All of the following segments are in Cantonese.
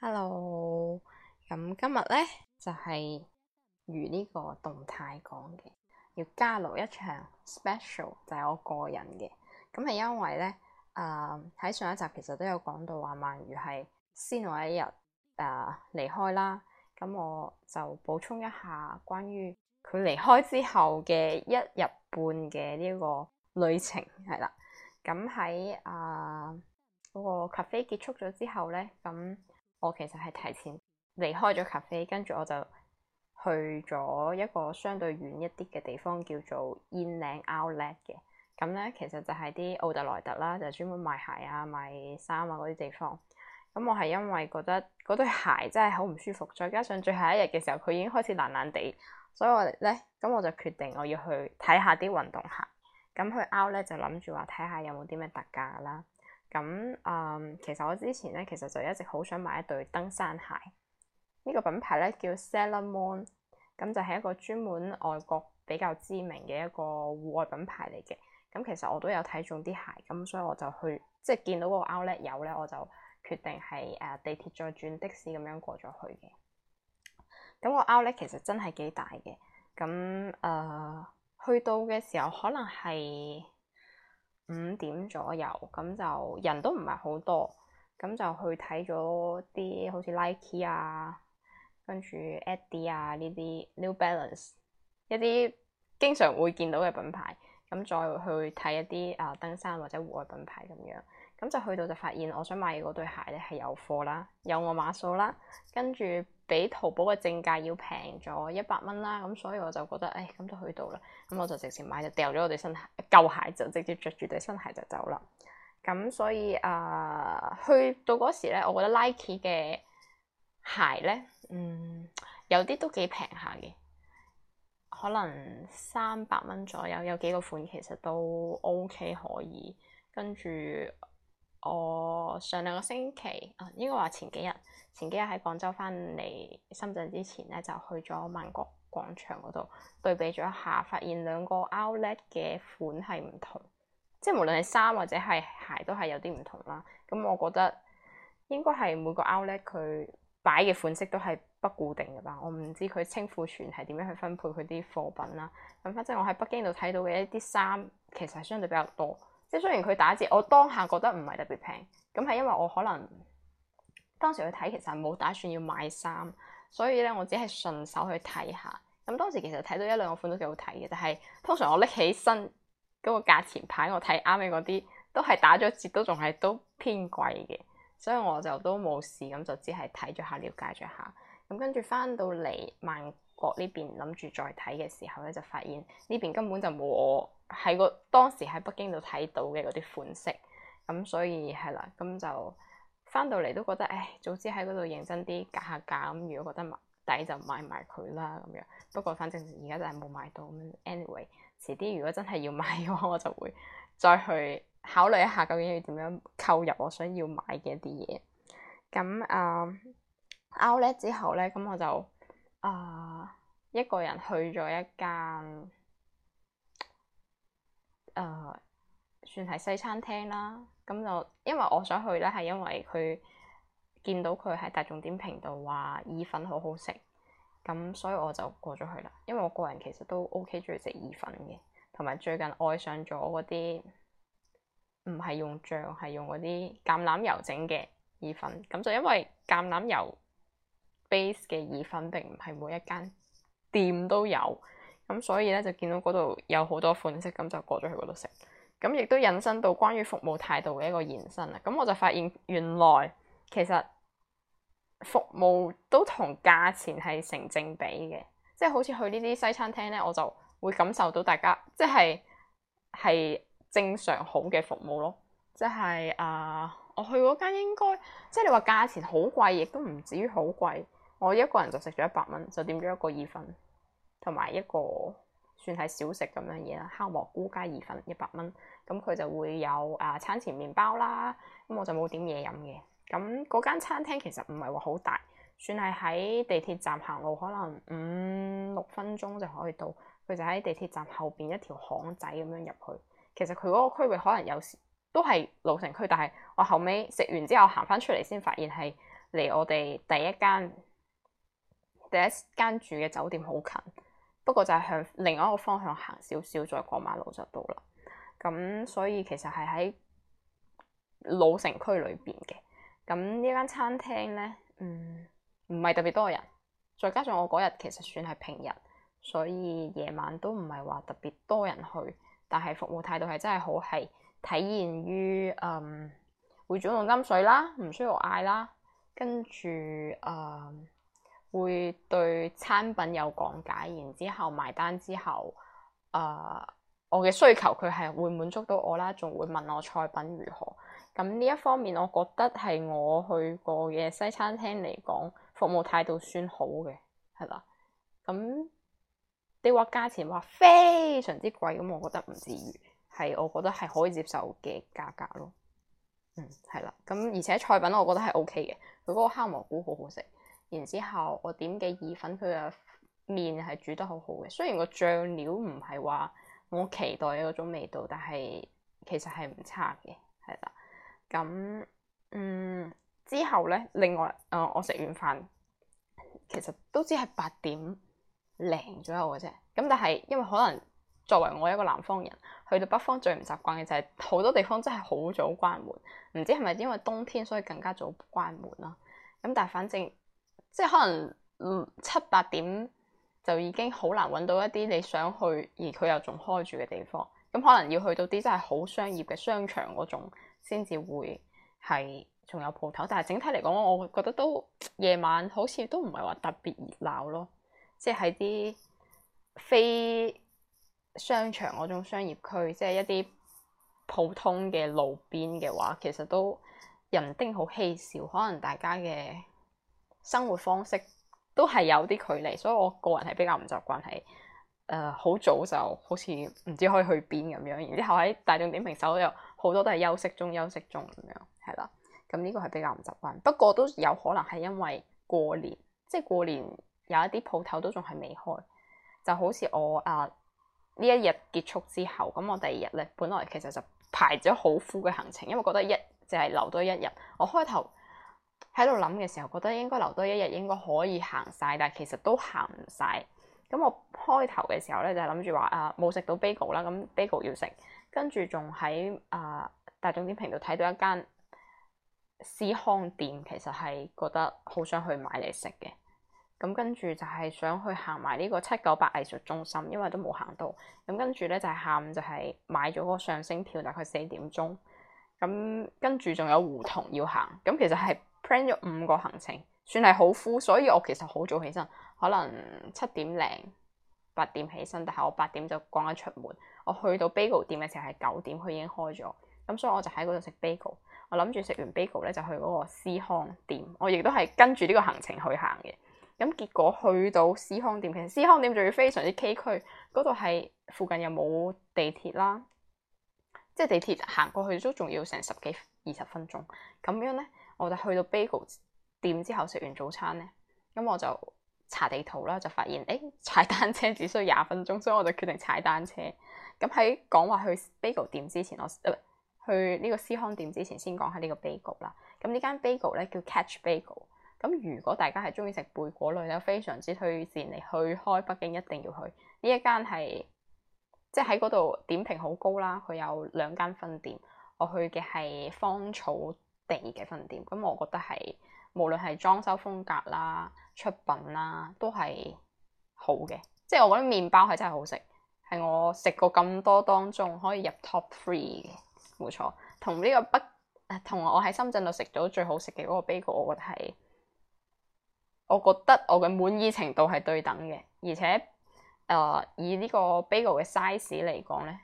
hello，咁今日咧就係、是、如呢個動態講嘅，要加入一場 special 就係我個人嘅。咁係因為咧，誒、呃、喺上一集其實都有講到話曼如係先我一日誒離、呃、開啦。咁我就補充一下關於佢離開之後嘅一日半嘅呢個旅程係啦。咁喺誒嗰個 cafe 結束咗之後咧，咁。我其實係提前離開咗咖啡，跟住我就去咗一個相對遠一啲嘅地方，叫做燕嶺 Outlet 嘅。咁咧，其實就係啲奧特萊特啦，就專門賣鞋啊、賣衫啊嗰啲地方。咁我係因為覺得嗰對鞋真係好唔舒服，再加上最後一日嘅時候佢已經開始爛爛地，所以我咧，咁我就決定我要去睇下啲運動鞋。咁去 Outlet 就諗住話睇下有冇啲咩特價啦。咁誒、嗯，其實我之前咧，其實就一直好想買一對登山鞋。呢、這個品牌咧叫 Salomon，咁就係一個專門外國比較知名嘅一個戶外品牌嚟嘅。咁其實我都有睇中啲鞋，咁所以我就去即係見到個 Outlet 有咧，我就決定係誒、呃、地鐵再轉的士咁樣過咗去嘅。咁個 Outlet 其實真係幾大嘅。咁誒、呃，去到嘅時候可能係。五點左右咁就人都唔係好多，咁就去睇咗啲好似 Nike 啊，跟住 Adidas 啊呢啲 New Balance 一啲經常會見到嘅品牌，咁再去睇一啲啊、呃、登山或者戶外品牌咁樣。咁就去到就發現，我想買嘅嗰對鞋咧係有貨啦，有我碼數啦，跟住比淘寶嘅正價要平咗一百蚊啦，咁所以我就覺得，誒、哎，咁就去到啦，咁我就直接買就掉咗我對新鞋舊鞋，就直接着住對新鞋就走啦。咁所以啊、呃，去到嗰時咧，我覺得 Nike 嘅鞋咧，嗯，有啲都幾平下嘅，可能三百蚊左右，有幾個款其實都 OK 可以，跟住。我、哦、上兩個星期啊，應該話前幾日，前幾日喺廣州翻嚟深圳之前咧，就去咗萬國廣場嗰度對比咗一下，發現兩個 Outlet 嘅款係唔同，即係無論係衫或者係鞋都係有啲唔同啦。咁我覺得應該係每個 Outlet 佢擺嘅款式都係不固定嘅吧，我唔知佢清庫存係點樣去分配佢啲貨品啦。咁反正我喺北京度睇到嘅一啲衫其實係相對比較多。即係雖然佢打折，我當下覺得唔係特別平，咁係因為我可能當時去睇其實冇打算要買衫，所以咧我只係順手去睇下。咁當時其實睇到一兩個款都幾好睇嘅，但係通常我拎起身嗰個價錢牌，我睇啱嘅嗰啲都係打咗折都仲係都偏貴嘅，所以我就都冇事咁就只係睇咗下，了解咗下。咁跟住翻到嚟萬。我呢邊諗住再睇嘅時候咧，就發現呢邊根本就冇我喺個當時喺北京度睇到嘅嗰啲款式，咁所以係啦，咁就翻到嚟都覺得，唉，早知喺嗰度認真啲格下價，咁如果覺得買抵就買埋佢啦咁樣。不過反正而家就係冇買到，anyway，遲啲如果真係要買嘅話，我就會再去考慮一下究竟要點樣購入我想要買嘅一啲嘢。咁啊 outlet 之後咧，咁我就～啊！一個人去咗一間，誒、呃，算係西餐廳啦。咁就因為我想去咧，係因為佢見到佢喺大眾點評度話意粉好好食，咁所以我就過咗去啦。因為我個人其實都 OK 鍾意食意粉嘅，同埋最近愛上咗嗰啲唔係用醬，係用嗰啲橄欖油整嘅意粉。咁就因為橄欖油 base 嘅意粉並唔係每一間店都有，咁所以咧就見到嗰度有好多款式，咁就過咗去嗰度食。咁亦都引申到關於服務態度嘅一個延伸啦。咁我就發現原來其實服務都同價錢係成正比嘅，即係好似去呢啲西餐廳咧，我就會感受到大家即係係正常好嘅服務咯，即係啊、呃，我去嗰間應該即係你話價錢好貴，亦都唔至於好貴。我一個人就食咗一百蚊，就點咗一個意粉同埋一個算係小食咁樣嘢啦，烤蘑菇加意粉一百蚊。咁佢就會有誒、啊、餐前麵包啦。咁我就冇點嘢飲嘅。咁嗰間餐廳其實唔係話好大，算係喺地鐵站行路可能五六分鐘就可以到。佢就喺地鐵站後邊一條巷仔咁樣入去。其實佢嗰個區域可能有時都係老城區，但係我後尾食完之後行翻出嚟先發現係嚟我哋第一間。第一間住嘅酒店好近，不過就係向另一個方向行少少，再過馬路就到啦。咁所以其實係喺老城區裏邊嘅。咁呢間餐廳咧，嗯，唔係特別多人，再加上我嗰日其實算係平日，所以夜晚都唔係話特別多人去。但係服務態度係真係好，係體現於嗯會主動斟水啦，唔需要嗌啦，跟住誒，嗯會對餐品有講解，然之後埋單之後，誒、呃，我嘅需求佢係會滿足到我啦，仲會問我菜品如何。咁呢一方面，我覺得係我去過嘅西餐廳嚟講，服務態度算好嘅係啦。咁你話價錢話非常之貴，咁我覺得唔至於，係我覺得係可以接受嘅價格咯。嗯，係啦，咁而且菜品我覺得係 OK 嘅，佢嗰個烤蘑菇好好食。然之後，我點嘅意粉，佢嘅麵係煮得好好嘅。雖然個醬料唔係話我期待嘅嗰種味道，但係其實係唔差嘅，係啦。咁嗯之後呢？另外誒、呃，我食完飯，其實都只係八點零左右嘅啫。咁但係因為可能作為我一個南方人，去到北方最唔習慣嘅就係、是、好多地方真係好早關門。唔知係咪因為冬天所以更加早關門啦？咁但係反正，即係可能七八點就已經好難揾到一啲你想去而佢又仲開住嘅地方，咁、嗯、可能要去到啲真係好商業嘅商場嗰種，先至會係仲有鋪頭。但係整體嚟講，我覺得都夜晚好似都唔係話特別熱鬧咯。即係喺啲非商場嗰種商業區，即係一啲普通嘅路邊嘅話，其實都人丁好稀少，可能大家嘅。生活方式都係有啲距離，所以我個人係比較唔習慣，係，誒好早就好似唔知可以去邊咁樣。然之後喺大眾點評搜又好多都係休息中、休息中咁樣，係啦。咁呢個係比較唔習慣，不過都有可能係因為過年，即係過年有一啲鋪頭都仲係未開，就好似我啊呢一日結束之後，咁我第二日咧，本來其實就排咗好富嘅行程，因為覺得一就係留多一日，我開頭。喺度諗嘅時候，覺得應該留多一日，應該可以行晒，但係其實都行唔晒。咁我開頭嘅時候咧，就諗住話啊，冇、呃、食到 bagel 啦，咁 bagel 要食，跟住仲喺啊大眾點評度睇到一間司康店，其實係覺得好想去買嚟食嘅。咁跟住就係想去行埋呢個七九八藝術中心，因為都冇行到。咁跟住咧就係、是、下午就係買咗個上升票，大概四點鐘。咁跟住仲有胡同要行，咁其實係。plan 咗五個行程，算係好敷，所以我其實好早起身，可能七點零八點起身，但係我八點就趕咗出門。我去到 bagel 店嘅時候係九點，佢已經開咗，咁所以我就喺嗰度食 bagel。我諗住食完 bagel 咧就去嗰個絲康店，我亦都係跟住呢個行程去行嘅。咁結果去到絲康店，其實絲康店仲要非常之崎嶇，嗰度係附近又冇地鐵啦，即係地鐵行過去都仲要成十幾二十分鐘，咁樣咧。我就去到 Bagel 店之後食完早餐咧，咁我就查地圖啦，就發現誒踩、欸、單車只需要廿分鐘，所以我就決定踩單車。咁喺講話去 Bagel 店之前，我、呃、去呢個司康店之前，先講下個呢個 Bagel 啦。咁呢間 Bagel 咧叫 Catch Bagel。咁如果大家係中意食貝果類咧，非常之推薦你去開北京一定要去呢一間係，即喺嗰度點評好高啦。佢有兩間分店，我去嘅係芳草定義嘅分店，咁我覺得係無論係裝修風格啦、出品啦，都係好嘅。即係我覺得麵包係真係好食，係我食過咁多當中可以入 Top Three 嘅，冇錯。同呢個北同我喺深圳度食到最好食嘅嗰個 bagel 我覺得係，我覺得我嘅滿意程度係對等嘅。而且誒、呃，以呢個 bagel 嘅 size 嚟講咧，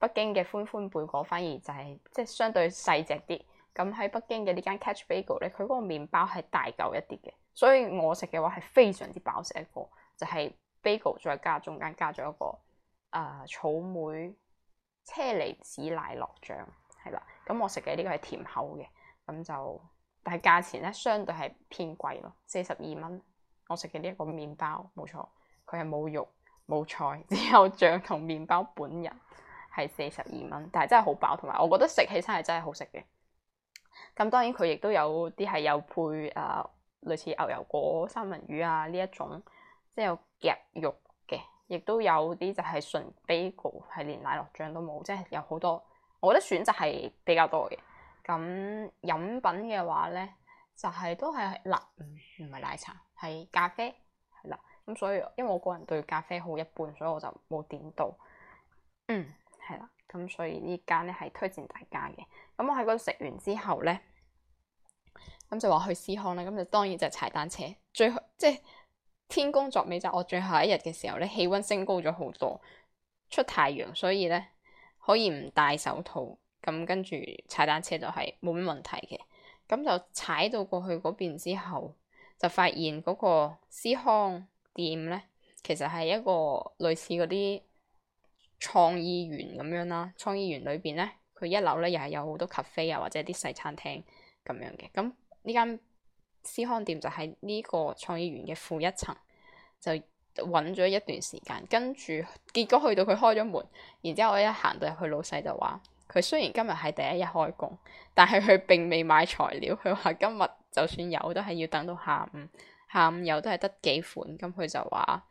北京嘅歡歡貝果反而就係、是、即係相對細隻啲。咁喺、嗯、北京嘅呢間 Catch Bagel 咧，佢嗰個麵包係大嚿一啲嘅，所以我食嘅話係非常之飽。食一個就係、是、bagel 再加中間加咗一個誒、呃、草莓車厘子奶酪醬，係啦。咁我食嘅呢個係甜口嘅，咁就但係價錢咧相對係偏貴咯，四十二蚊。我食嘅呢一個麵包冇錯，佢係冇肉冇菜，只有醬同麵包本人係四十二蚊，但係真係好飽，同埋我覺得食起身係真係好食嘅。咁當然佢亦都有啲係有配誒、呃、類似牛油果三文魚啊呢一種，即係有夾肉嘅，亦都有啲就係純 bagel，係連奶酪醬都冇，即係有好多。我覺得選擇係比較多嘅。咁飲品嘅話咧，就係、是、都係辣，唔唔係奶茶，係咖啡係啦。咁所以因為我個人對咖啡好一般，所以我就冇點到。嗯，係啦。咁、嗯、所以呢間咧係推薦大家嘅。咁、嗯、我喺嗰度食完之後咧，咁就話去思康咧，咁就當然就踩單車。最即係、就是、天公作美，就我最後一日嘅時候咧，氣温升高咗好多，出太陽，所以咧可以唔戴手套。咁跟住踩單車就係冇咩問題嘅。咁就踩到過去嗰邊之後，就發現嗰個思康店咧，其實係一個類似嗰啲。創意園咁樣啦，創意園裏邊咧，佢一樓咧又係有好多咖啡啊，或者啲細餐廳咁樣嘅。咁呢間司康店就喺呢個創意園嘅負一層，就揾咗一段時間，跟住結果去到佢開咗門，然之後我一行到入去老，老細就話：佢雖然今日係第一日開工，但係佢並未買材料。佢話今日就算有都係要等到下午，下午有都係得幾款。咁佢就話。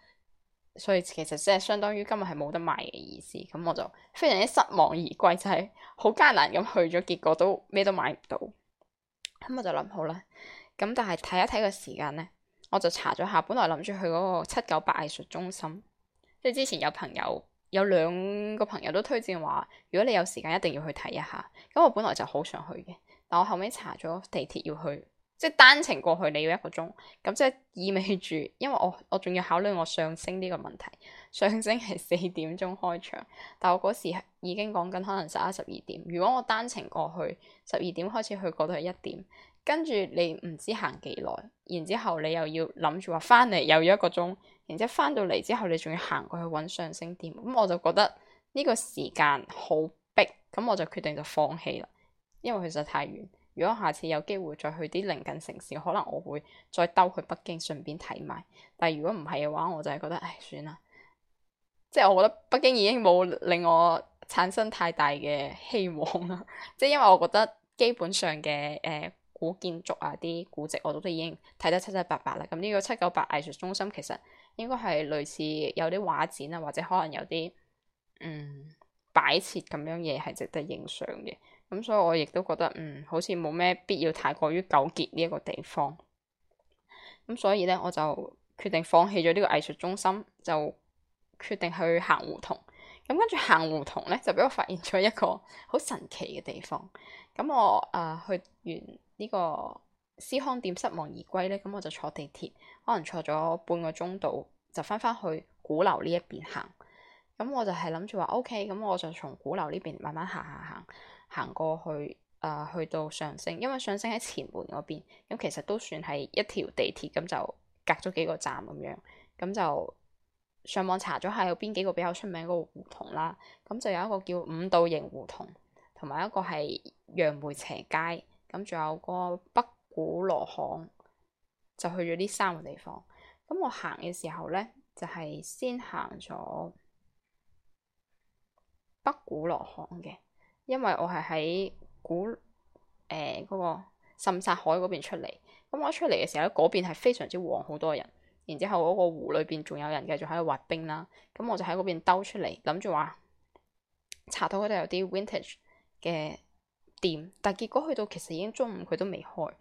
所以其實即係相當於今日係冇得買嘅意思，咁我就非常之失望而歸，就係好艱難咁去咗，結果都咩都買唔到。咁我就諗好啦，咁但係睇一睇個時間咧，我就查咗下，本來諗住去嗰個七九八藝術中心，即係之前有朋友有兩個朋友都推薦話，如果你有時間一定要去睇一下。咁我本來就好想去嘅，但我後尾查咗地鐵要去。即係單程過去你要一個鐘，咁即係意味住，因為我我仲要考慮我上升呢個問題，上升係四點鐘開場，但我嗰時已經講緊可能十一十二點，如果我單程過去十二點開始去，過到係一點，跟住你唔知行幾耐，然之後你又要諗住話翻嚟，又要一個鐘，然之後翻到嚟之後你仲要行過去搵上升店，咁我就覺得呢個時間好逼，咁我就決定就放棄啦，因為其實太遠。如果下次有機會再去啲鄰近城市，可能我會再兜去北京，順便睇埋。但係如果唔係嘅話，我就係覺得，唉，算啦。即係我覺得北京已經冇令我產生太大嘅希望啦。即係因為我覺得基本上嘅誒、呃、古建築啊啲古跡我都已經睇得七七八八啦。咁呢個七九八藝術中心其實應該係類似有啲畫展啊，或者可能有啲嗯擺設咁樣嘢係值得影相嘅。咁所以我亦都覺得，嗯，好似冇咩必要太過於糾結呢一個地方。咁所以咧，我就決定放棄咗呢個藝術中心，就決定去行胡同。咁跟住行胡同咧，就俾我發現咗一個好神奇嘅地方。咁我誒、呃、去完呢個司康店失望而歸咧，咁我就坐地鐵，可能坐咗半個鐘度，就翻翻去鼓樓呢一邊行。咁我就係諗住話，OK，咁我就從鼓樓呢邊慢慢行行行。行過去，誒、呃、去到上星，因為上星喺前門嗰邊，咁其實都算係一條地鐵，咁就隔咗幾個站咁樣，咁就上網查咗下有邊幾個比較出名嗰個胡同啦，咁就有一個叫五道營胡同，同埋一個係楊梅斜街，咁仲有個北古羅巷，就去咗呢三個地方。咁我行嘅時候咧，就係、是、先行咗北古羅巷嘅。因為我係喺古誒嗰、呃，嗰個什剎海嗰邊出嚟，咁我出嚟嘅時候，嗰邊係非常之旺，好多人。然之後嗰個湖裏邊仲有人繼續喺度滑冰啦。咁我就喺嗰邊兜出嚟，諗住話查到嗰度有啲 Vintage 嘅店，但係結果去到其實已經中午，佢都未開。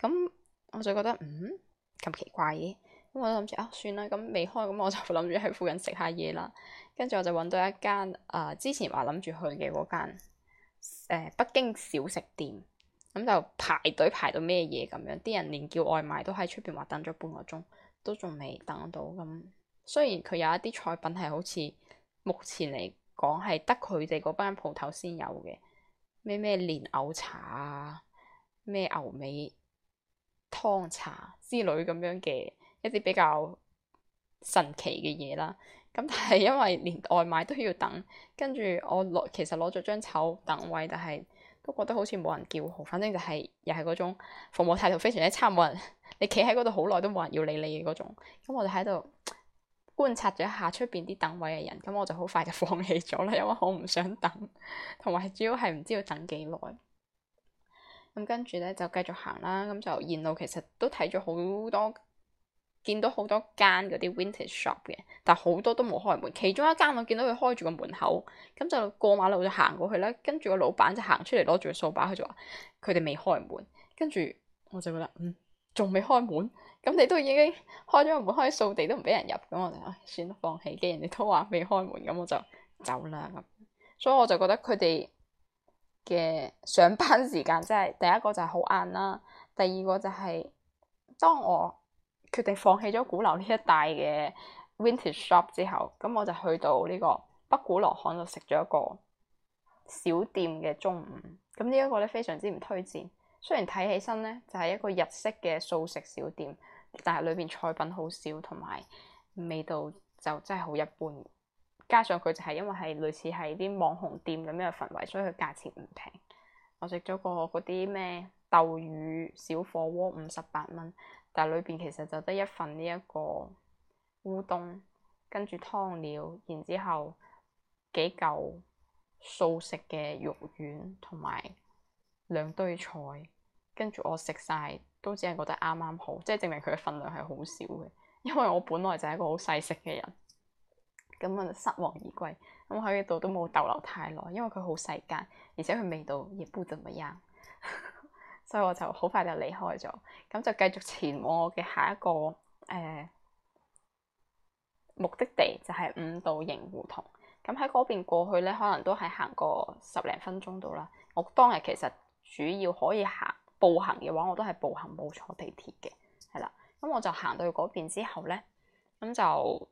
咁我就覺得嗯咁奇怪嘅，咁我諗住啊算啦，咁未開咁我就諗住喺附近食下嘢啦。跟住我就搵到一間誒、呃、之前話諗住去嘅嗰間。誒北京小食店，咁就排隊排到咩嘢咁樣，啲人連叫外賣都喺出邊話等咗半個鐘，都仲未等到咁。雖然佢有一啲菜品係好似目前嚟講係得佢哋嗰班鋪頭先有嘅，咩咩蓮藕茶啊、咩牛尾湯茶之類咁樣嘅一啲比較神奇嘅嘢啦。咁但係因為連外賣都要等，跟住我攞其實攞咗張籌等位，但係都覺得好似冇人叫號，反正就係、是、又係嗰種服務態度非常之差，冇人你企喺嗰度好耐都冇人要理你嘅嗰種。咁、嗯、我就喺度觀察咗一下出邊啲等位嘅人，咁、嗯、我就好快就放棄咗啦，因為我唔想等，同埋主要係唔知要等幾耐。咁跟住咧就繼續行啦，咁、嗯、就沿路其實都睇咗好多。見到好多間嗰啲 vintage shop 嘅，但好多都冇開門。其中一間我見到佢開住個門口，咁就過馬路就行過去啦。跟住個老闆就行出嚟攞住個掃把，佢就話：佢哋未開門。跟住我就覺得，嗯，仲未開門，咁你都已經開咗個門，開掃地都唔俾人入，咁我就唉，算啦，放棄嘅。人哋你都話未開門，咁我就走啦咁。所以我就覺得佢哋嘅上班時間、就係，即係第一個就係好晏啦，第二個就係、係、當我。決定放棄咗鼓樓呢一帶嘅 Vintage Shop 之後，咁我就去到呢個北鑼鼓巷度食咗一個小店嘅中午。咁呢一個咧非常之唔推薦。雖然睇起身咧就係、是、一個日式嘅素食小店，但係裏邊菜品好少，同埋味道就真係好一般。加上佢就係因為係類似係啲網紅店咁樣嘅氛圍，所以佢價錢唔平。我食咗個嗰啲咩豆乳小火鍋五十八蚊。但係裏邊其實就得一份呢一個烏冬，跟住湯料，然之後幾嚿素食嘅肉丸，同埋兩堆菜，跟住我食晒都只係覺得啱啱好，即係證明佢嘅份量係好少嘅，因為我本來就係一個好細食嘅人，咁啊失望而歸，咁喺呢度都冇逗留太耐，因為佢好細間，而且佢味道亦不怎麼樣。所以我就好快就離開咗，咁就繼續前往我嘅下一個誒、呃、目的地，就係、是、五道營胡同。咁喺嗰邊過去咧，可能都係行個十零分鐘到啦。我當日其實主要可以行步行嘅話，我都係步行冇坐地鐵嘅，係啦。咁我就行到去嗰邊之後咧，咁就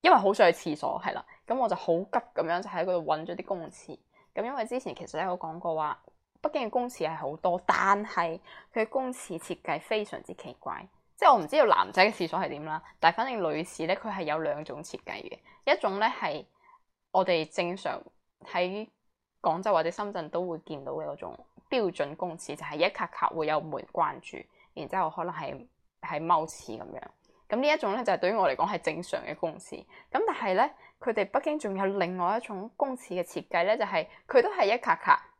因為好想去廁所，係啦，咁我就好急咁樣就喺嗰度揾咗啲公廁。咁因為之前其實有講過話。北京嘅公廁係好多，但係佢公廁設計非常之奇怪。即係我唔知道男仔嘅廁所係點啦，但係反正女士咧，佢係有兩種設計嘅。一種咧係我哋正常喺廣州或者深圳都會見到嘅嗰種標準公廁，就係一卡卡會有門關住，然之後可能係係踎廁咁樣。咁呢一種咧就係對於我嚟講係正常嘅公廁。咁但係咧，佢哋北京仲有另外一種公廁嘅設計咧，就係佢都係一卡卡。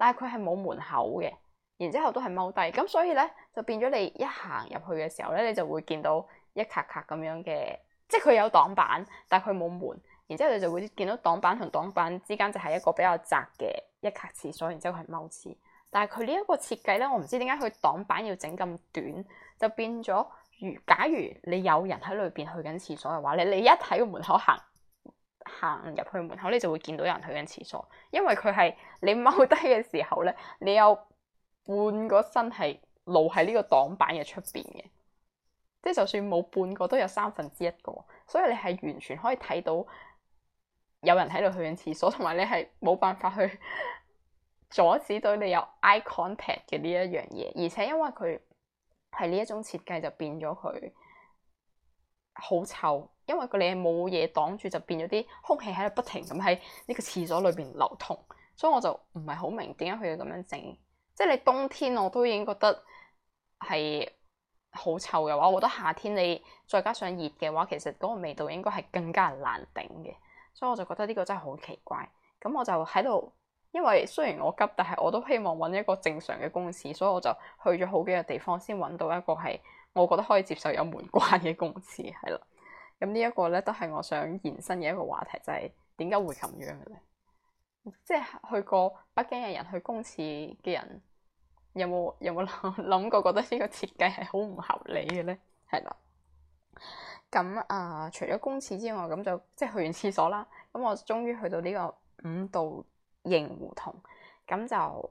但係佢係冇門口嘅，然之後都係踎低，咁所以咧就變咗你一行入去嘅時候咧，你就會見到一卡卡咁樣嘅，即係佢有擋板，但係佢冇門，然之後你就會見到擋板同擋板之間就係一個比較窄嘅一卡廁所，然之後佢係踎廁。但係佢呢一個設計咧，我唔知點解佢擋板要整咁短，就變咗如假如你有人喺裏邊去緊廁所嘅話咧，你一睇個門口行。行入去門口，你就會見到有人去緊廁所，因為佢係你踎低嘅時候咧，你有半個身係露喺呢個擋板嘅出邊嘅，即係就算冇半個，都有三分之一個，所以你係完全可以睇到有人喺度去緊廁所，同埋你係冇辦法去阻止到你有 eye contact 嘅呢一樣嘢，而且因為佢係呢一種設計，就變咗佢好臭。因為佢哋冇嘢擋住，就變咗啲空氣喺度不停咁喺呢個廁所裏邊流通，所以我就唔係好明點解佢要咁樣整。即係你冬天我都已經覺得係好臭嘅話，我覺得夏天你再加上熱嘅話，其實嗰個味道應該係更加難頂嘅。所以我就覺得呢個真係好奇怪。咁我就喺度，因為雖然我急，但係我都希望搵一個正常嘅公廁，所以我就去咗好幾個地方，先搵到一個係我覺得可以接受有門關嘅公廁，係啦。咁、嗯這個、呢一個咧，都係我想延伸嘅一個話題，就係點解會咁樣嘅咧？即係去過北京嘅人，去公廁嘅人有冇有冇諗諗過，覺得呢個設計係好唔合理嘅咧？係啦。咁、嗯、啊、呃，除咗公廁之外，咁就即係去完廁所啦。咁我終於去到呢個五道營胡同。咁就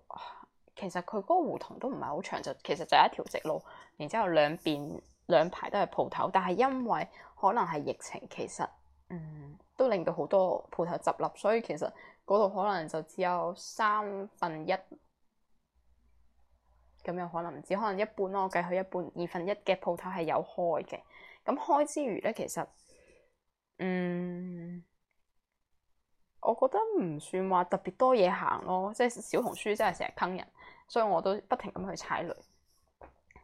其實佢嗰個衚衕都唔係好長，就其實就係一條直路，然之後兩邊兩排都係鋪頭，但係因為可能係疫情，其實嗯都令到好多鋪頭執笠，所以其實嗰度可能就只有三分一咁，有可能唔止，唔知可能一半咯，我計佢一半二分一嘅鋪頭係有開嘅。咁開之餘咧，其實嗯，我覺得唔算話特別多嘢行咯，即係小紅書真係成日坑人，所以我都不停咁去踩雷。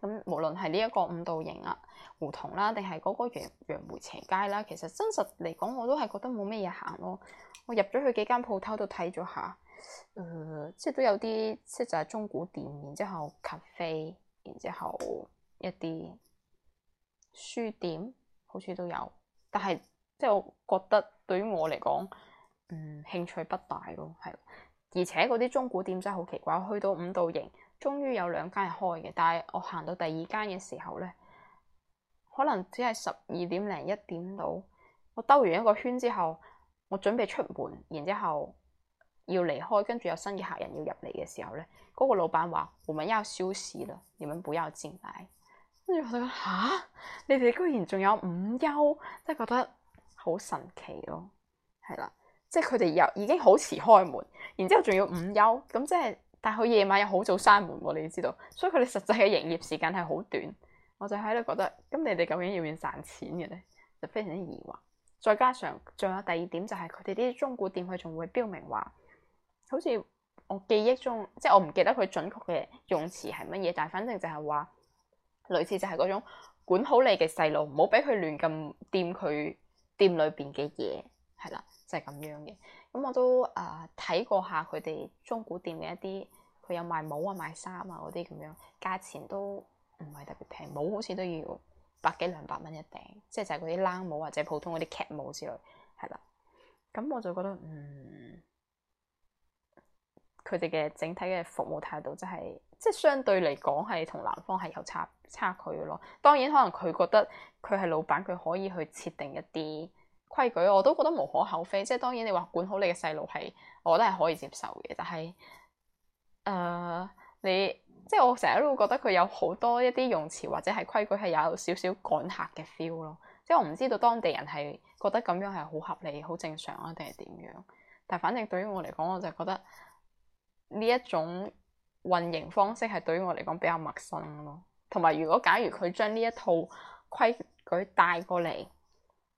咁無論係呢一個五道營啊、胡同啦，定係嗰個楊梅斜街啦，其實真實嚟講，我都係覺得冇咩嘢行咯。我入咗去幾間鋪頭度睇咗下，誒、呃，即係都有啲即就係中古店，然之後 cafe，然之後一啲書店，好似都有，但係即係我覺得對於我嚟講，嗯，興趣不大咯，係。而且嗰啲中古店真係好奇怪，我去到五道營。終於有兩間係開嘅，但係我行到第二間嘅時候咧，可能只係十二點零一點度。我兜完一個圈之後，我準備出門，然之後要離開，跟住有新嘅客人要入嚟嘅時候咧，嗰個老闆話：我問一下市事啦，你們不要進來。跟住我就覺得：「吓，你哋居然仲有午休，即係覺得好神奇咯、哦，係啦，即係佢哋又已經好遲開門，然之後仲要午休，咁即係。但佢夜晚又好早閂門喎，啊，你知道，所以佢哋實際嘅營業時間係好短。我就喺度覺得，咁你哋究竟要唔要賺錢嘅咧？就非常之疑惑。再加上，仲有第二點就係佢哋啲中古店，佢仲會標明話，好似我記憶中，即係我唔記得佢準確嘅用詞係乜嘢，但係反正就係話，類似就係嗰種管好你嘅細路，唔好俾佢亂咁掂佢店裏邊嘅嘢，係啦，就係、是、咁樣嘅。咁我都啊睇過下佢哋中古店嘅一啲。佢有賣帽啊、賣衫啊嗰啲咁樣，價錢都唔係特別平。帽好似都要百幾兩百蚊一頂，即係就係嗰啲冷帽或者普通嗰啲劇帽之類，係啦。咁我就覺得，嗯，佢哋嘅整體嘅服務態度真係即係相對嚟講係同南方係有差差距嘅咯。當然可能佢覺得佢係老闆，佢可以去設定一啲規矩，我都覺得無可厚非。即係當然你話管好你嘅細路係，我都係可以接受嘅，但係。誒，uh, 你即係我成日都會覺得佢有好多一啲用詞或者係規矩係有少少趕客嘅 feel 咯。即係我唔知道當地人係覺得咁樣係好合理、好正常啊，定係點樣？但係反正對於我嚟講，我就覺得呢一種運營方式係對於我嚟講比較陌生咯。同埋，如果假如佢將呢一套規矩帶過嚟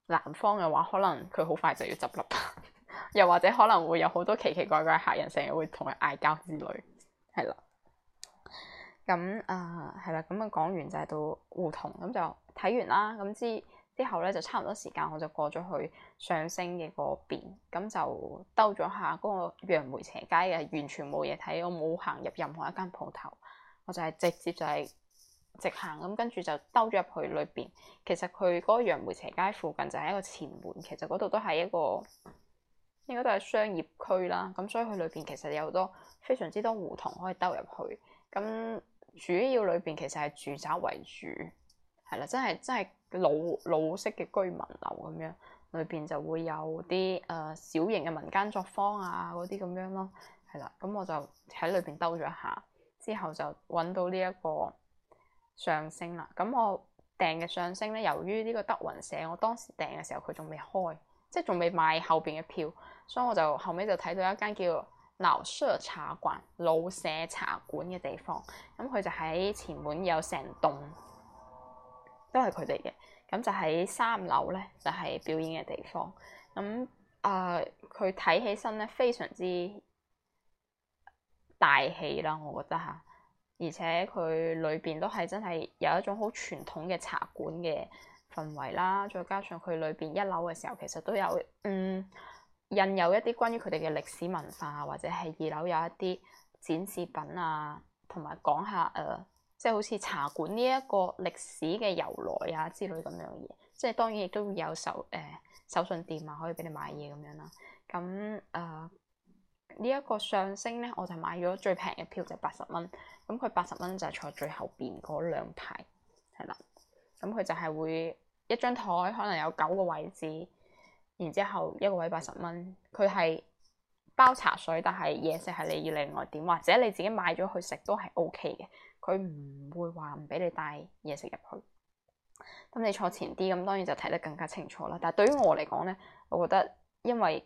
南方嘅話，可能佢好快就要執笠， 又或者可能會有好多奇奇怪怪客人成日會同佢嗌交之類。係啦，咁啊係啦，咁啊講完就係到胡同，咁、嗯、就睇完啦，咁、嗯、之之後咧就差唔多時間，我就過咗去上升嘅嗰邊，咁、嗯、就兜咗下嗰個楊梅斜街嘅，完全冇嘢睇，我冇行入任何一間鋪頭，我就係直接就係直行，咁、嗯、跟住就兜咗入去裏邊。其實佢嗰個楊梅斜街附近就係一個前門，其實嗰度都係一個。應該都係商業區啦，咁所以佢裏邊其實有好多非常之多胡同可以兜入去。咁主要裏邊其實係住宅為主，係啦，真係真係老老式嘅居民樓咁樣。裏邊就會有啲誒、呃、小型嘅民間作坊啊嗰啲咁樣咯，係啦。咁我就喺裏邊兜咗一下，之後就揾到呢一個上升啦。咁我訂嘅上升咧，由於呢個德雲社，我當時訂嘅時候佢仲未開，即係仲未賣後邊嘅票。所以我就後尾就睇到一間叫老舍茶館、老舍茶館嘅地方，咁、嗯、佢就喺前門有成棟都係佢哋嘅，咁、嗯、就喺三樓咧就係、是、表演嘅地方。咁、嗯、啊，佢、呃、睇起身咧非常之大氣啦，我覺得嚇，而且佢裏邊都係真係有一種好傳統嘅茶館嘅氛圍啦，再加上佢裏邊一樓嘅時候其實都有嗯。印有一啲關於佢哋嘅歷史文化，或者係二樓有一啲展示品啊，同埋講下誒，即、呃、係、就是、好似茶館呢一個歷史嘅由來啊之類咁樣嘢。即、就、係、是、當然亦都會有手誒、呃、手信店啊，可以俾你買嘢咁樣啦。咁誒呢一個上升咧，我就買咗最平嘅票，就八十蚊。咁佢八十蚊就坐最後邊嗰兩排，係啦。咁佢就係會一張枱可能有九個位置。然之後一個位八十蚊，佢係包茶水，但係嘢食係你要另外點，或者你自己買咗去都、OK、食都係 OK 嘅，佢唔會話唔俾你帶嘢食入去。咁你坐前啲，咁當然就睇得更加清楚啦。但係對於我嚟講咧，我覺得因為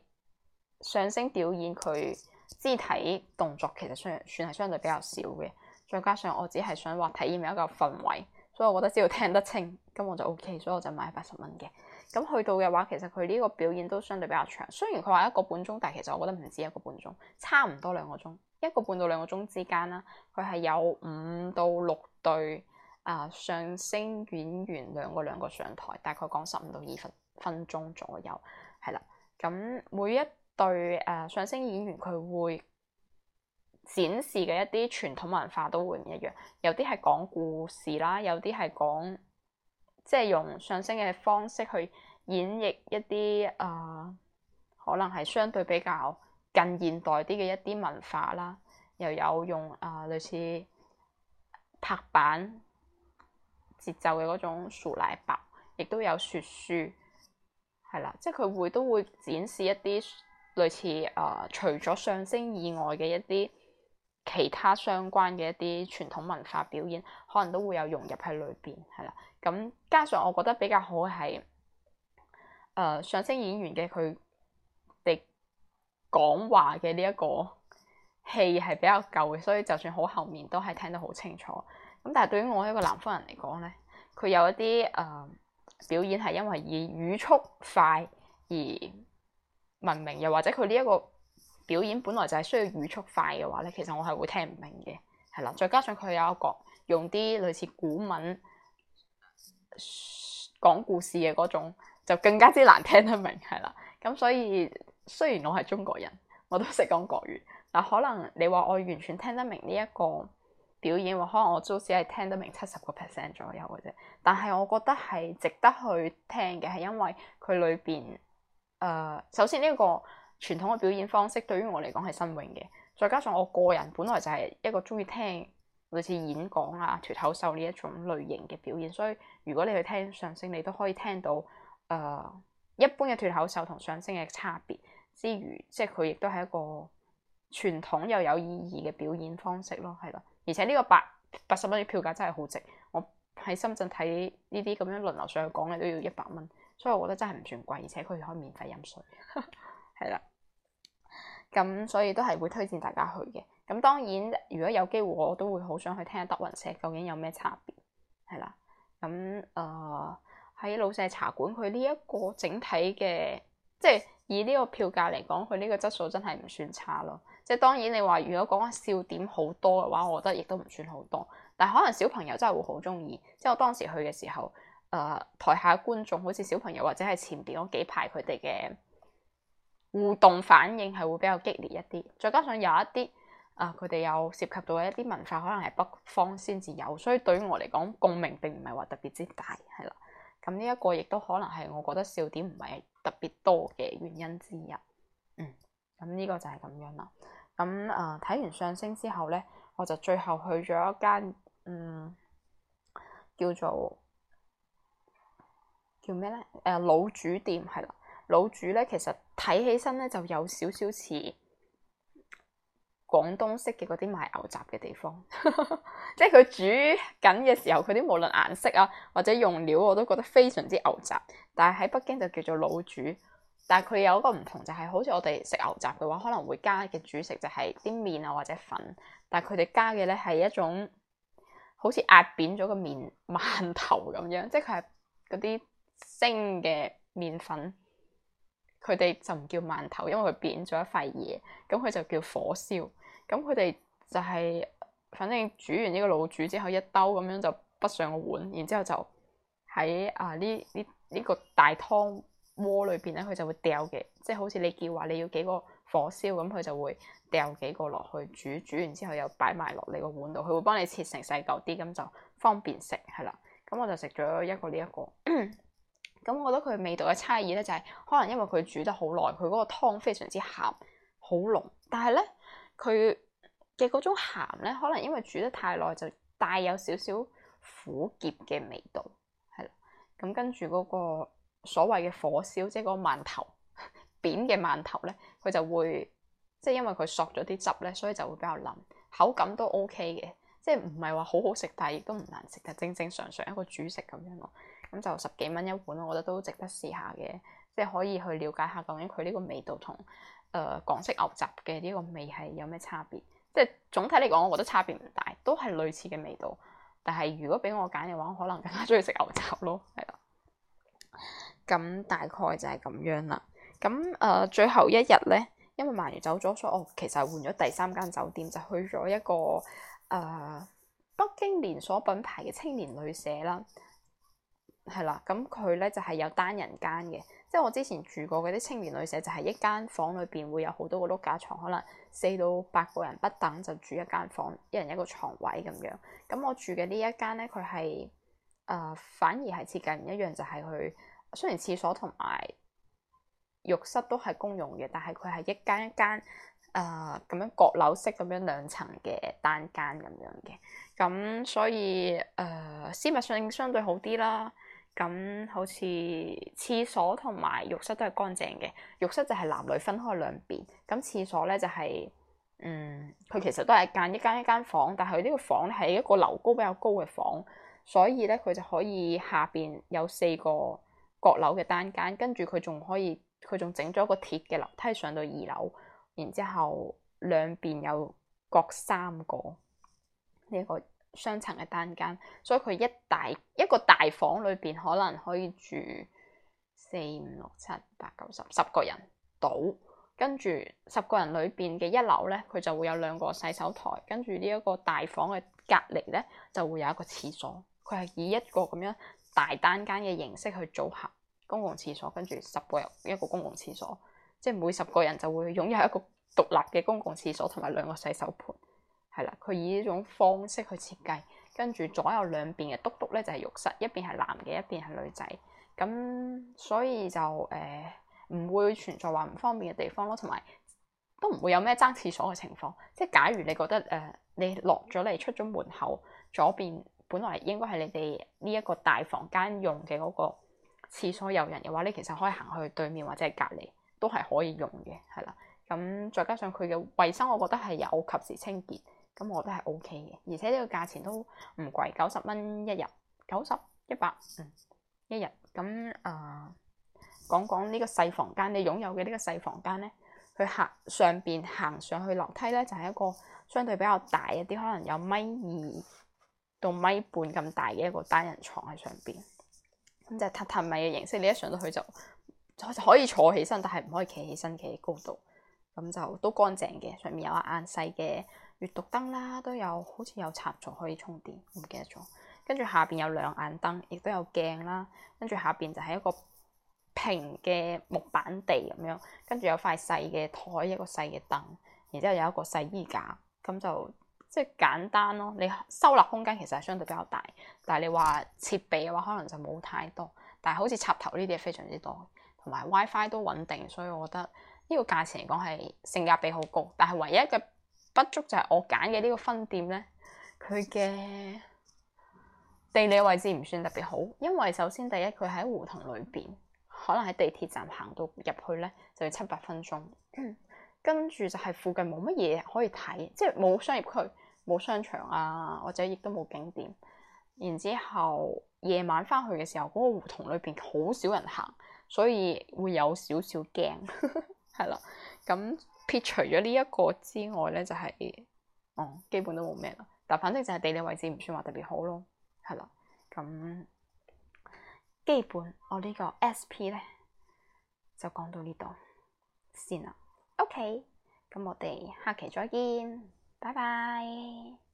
上升表演佢肢體動作其實相算係相對比較少嘅，再加上我只係想話體驗一個氛圍，所以我覺得只要聽得清，咁我就 O、OK, K，所以我就買八十蚊嘅。咁去到嘅話，其實佢呢個表演都相對比較長。雖然佢話一個半鐘，但係其實我覺得唔止一個半鐘，差唔多兩個鐘，一個半到兩個鐘之間啦。佢係有五到六對啊、呃、相聲演員兩個兩個上台，大概講十五到二十分鐘左右，係啦。咁每一對誒、呃、相聲演員佢會展示嘅一啲傳統文化都會唔一樣，有啲係講故事啦，有啲係講。即係用相聲嘅方式去演繹一啲啊、呃，可能係相對比較近現代啲嘅一啲文化啦，又有用啊、呃、類似拍板節奏嘅嗰種數來寶，亦都有說書，係啦，即係佢會都會展示一啲類似啊、呃，除咗相聲以外嘅一啲其他相關嘅一啲傳統文化表演，可能都會有融入喺裏邊，係啦。咁加上我覺得比較好嘅係，誒、呃，相聲演員嘅佢哋講話嘅呢一個戲係比較舊嘅，所以就算好後面都係聽得好清楚。咁但係對於我一個南方人嚟講咧，佢有一啲誒、呃、表演係因為以語速快而聞名，又或者佢呢一個表演本來就係需要語速快嘅話咧，其實我係會聽唔明嘅。係啦，再加上佢有一個用啲類似古文。講故事嘅嗰種就更加之難聽得明係啦，咁所以雖然我係中國人，我都識講國語，嗱可能你話我完全聽得明呢一個表演，可能我最多只係聽得明七十個 percent 左右嘅啫。但係我覺得係值得去聽嘅，係因為佢裏邊誒、呃，首先呢個傳統嘅表演方式對於我嚟講係新穎嘅，再加上我個人本來就係一個中意聽。類似演講啊、脱口秀呢一種類型嘅表演，所以如果你去聽相聲，你都可以聽到誒、呃、一般嘅脱口秀同相聲嘅差別之餘，即係佢亦都係一個傳統又有意義嘅表演方式咯，係咯。而且呢個八八十蚊嘅票價真係好值，我喺深圳睇呢啲咁樣輪流上去講嘅都要一百蚊，所以我覺得真係唔算貴，而且佢可以免費飲水，係 啦。咁所以都係會推薦大家去嘅。咁當然，如果有機會，我都會好想去聽下德雲社究竟有咩差別，係啦。咁誒喺老舍茶館，佢呢一個整體嘅，即係以呢個票價嚟講，佢呢個質素真係唔算差咯。即係當然你，你話如果講笑點好多嘅話，我覺得亦都唔算好多。但係可能小朋友真係會好中意。即係我當時去嘅時候，誒、呃、台下觀眾好似小朋友或者係前邊嗰幾排佢哋嘅互動反應係會比較激烈一啲。再加上有一啲。啊！佢哋有涉及到一啲文化，可能係北方先至有，所以對於我嚟講，共鳴並唔係話特別之大，係啦。咁呢一個亦都可能係我覺得笑點唔係特別多嘅原因之一。嗯，咁呢個就係咁樣啦。咁啊，睇、呃、完相聲之後咧，我就最後去咗一間嗯，叫做叫咩咧？誒、呃，老主店係啦，老主咧，其實睇起身咧就有少少似。廣東式嘅嗰啲賣牛雜嘅地方， 即係佢煮緊嘅時候，佢啲無論顏色啊或者用料，我都覺得非常之牛雜。但係喺北京就叫做滷煮。但係佢有一個唔同就係、是，好似我哋食牛雜嘅話，可能會加嘅主食就係啲麵啊或者粉。但係佢哋加嘅咧係一種好似壓扁咗個麵饅頭咁樣，即係佢係嗰啲蒸嘅麵粉。佢哋就唔叫饅頭，因為佢扁咗一塊嘢，咁佢就叫火燒。咁佢哋就係、是，反正煮完呢個滷煮之後一兜咁樣就畢上個碗，然之後就喺啊呢呢呢個大湯鍋裏邊咧，佢就會掉嘅，即、就、係、是、好似你叫話你要幾個火燒咁，佢就會掉幾個落去煮，煮完之後又擺埋落你個碗度，佢會幫你切成細嚿啲，咁就方便食係啦。咁我就食咗一個呢、這、一個，咁 我覺得佢味道嘅差異咧、就是，就係可能因為佢煮得好耐，佢嗰個湯非常之鹹，好濃，但係咧。佢嘅嗰種鹹咧，可能因為煮得太耐就帶有少少苦澀嘅味道，係啦。咁跟住嗰個所謂嘅火燒，即係嗰個饅頭扁嘅饅頭咧，佢就會即係因為佢嗦咗啲汁咧，所以就會比較腍，口感都 OK 嘅，即係唔係話好好食，但係亦都唔難食，就正正常常一個主食咁樣咯。咁就十幾蚊一碗，我覺得都值得試下嘅，即係可以去了解下究竟佢呢個味道同。誒港、呃、式牛雜嘅呢個味係有咩差別？即、就、係、是、總體嚟講，我覺得差別唔大，都係類似嘅味道。但係如果俾我揀嘅話，我可能更加中意食牛雜咯，係啦。咁大概就係咁樣啦。咁誒、呃，最後一日咧，因為萬瑜走咗，所以我其實換咗第三間酒店，就去咗一個誒、呃、北京連鎖品牌嘅青年旅社啦。係啦，咁佢咧就係、是、有單人間嘅。即係我之前住過嗰啲青年旅社，就係一間房裏邊會有好多個碌架床，可能四到八個人不等就住一間房，一人一個床位咁樣。咁我住嘅呢一間咧，佢係誒反而係設計唔一樣，就係、是、佢雖然廁所同埋浴室都係公用嘅，但係佢係一間一間誒咁樣閣樓式咁樣兩層嘅單間咁樣嘅。咁所以誒、呃、私密性相對好啲啦。咁好似廁所同埋浴室都係乾淨嘅，浴室就係男女分開兩邊，咁廁所咧就係、是，嗯，佢其實都係間一間一間房，但係佢呢個房咧係一個樓高比較高嘅房，所以咧佢就可以下邊有四個閣樓嘅單間，跟住佢仲可以佢仲整咗個鐵嘅樓梯上到二樓，然之後兩邊有各三個呢一、這個。雙層嘅單間，所以佢一大一個大房裏邊可能可以住四五六七八九十十個人到，跟住十個人裏邊嘅一樓呢，佢就會有兩個洗手台，跟住呢一個大房嘅隔離呢，就會有一個廁所，佢係以一個咁樣大單間嘅形式去組合公共廁所，跟住十個人一個公共廁所，即係每十個人就會擁有一個獨立嘅公共廁所同埋兩個洗手盆。係啦，佢以呢種方式去設計，跟住左右兩邊嘅督督咧就係浴室，一邊係男嘅，一邊係女仔咁，所以就誒唔會存在話唔方便嘅地方咯，同埋都唔會有咩爭廁所嘅情況。即係假如你覺得誒你落咗嚟出咗門口，左邊本來應該係你哋呢一個大房間用嘅嗰個廁所有人嘅話，你其實可以行去對面或者係隔籬都係可以用嘅，係啦。咁再加上佢嘅衛生，我覺得係有及時清潔。咁我都係 O K 嘅，而且呢個價錢都唔貴，九十蚊一日，九十一百，嗯，一日。咁啊、呃，講講呢個細房間，你擁有嘅呢個細房間咧，佢行上邊行上去樓梯咧，就係、是、一個相對比較大一啲，可能有米二到米半咁大嘅一個單人床喺上邊。咁就係榻榻米嘅形式，你一上到去就就可以坐起身，但係唔可以企起身企高度。咁就都乾淨嘅，上面有一眼細嘅。閱讀燈啦，都有，好似有插座可以充電，唔記得咗。跟住下邊有兩眼燈，亦都有鏡啦。跟住下邊就係一個平嘅木板地咁樣，跟住有塊細嘅台，一個細嘅凳，然之後有一個細衣架，咁就即係、就是、簡單咯。你收納空間其實係相對比較大，但係你話設備嘅話，可能就冇太多。但係好似插頭呢啲係非常之多，同埋 WiFi 都穩定，所以我覺得呢個價錢嚟講係性價比好高。但係唯一一個不足就係我揀嘅呢個分店咧，佢嘅地理位置唔算特別好，因為首先第一，佢喺胡同裏邊，可能喺地鐵站行到入去咧就要七八分鐘，嗯，跟住就係附近冇乜嘢可以睇，即係冇商業區、冇商場啊，或者亦都冇景點。然之後夜晚翻去嘅時候，嗰個衚衕裏邊好少人行，所以會有少少驚，係 啦，咁。除咗呢一個之外咧，就係、是，哦、嗯，基本都冇咩啦。但反正就係地理位置唔算話特別好咯，係啦。咁基本我呢個 SP 咧就講到呢度先啦。OK，咁我哋下期再見，拜拜。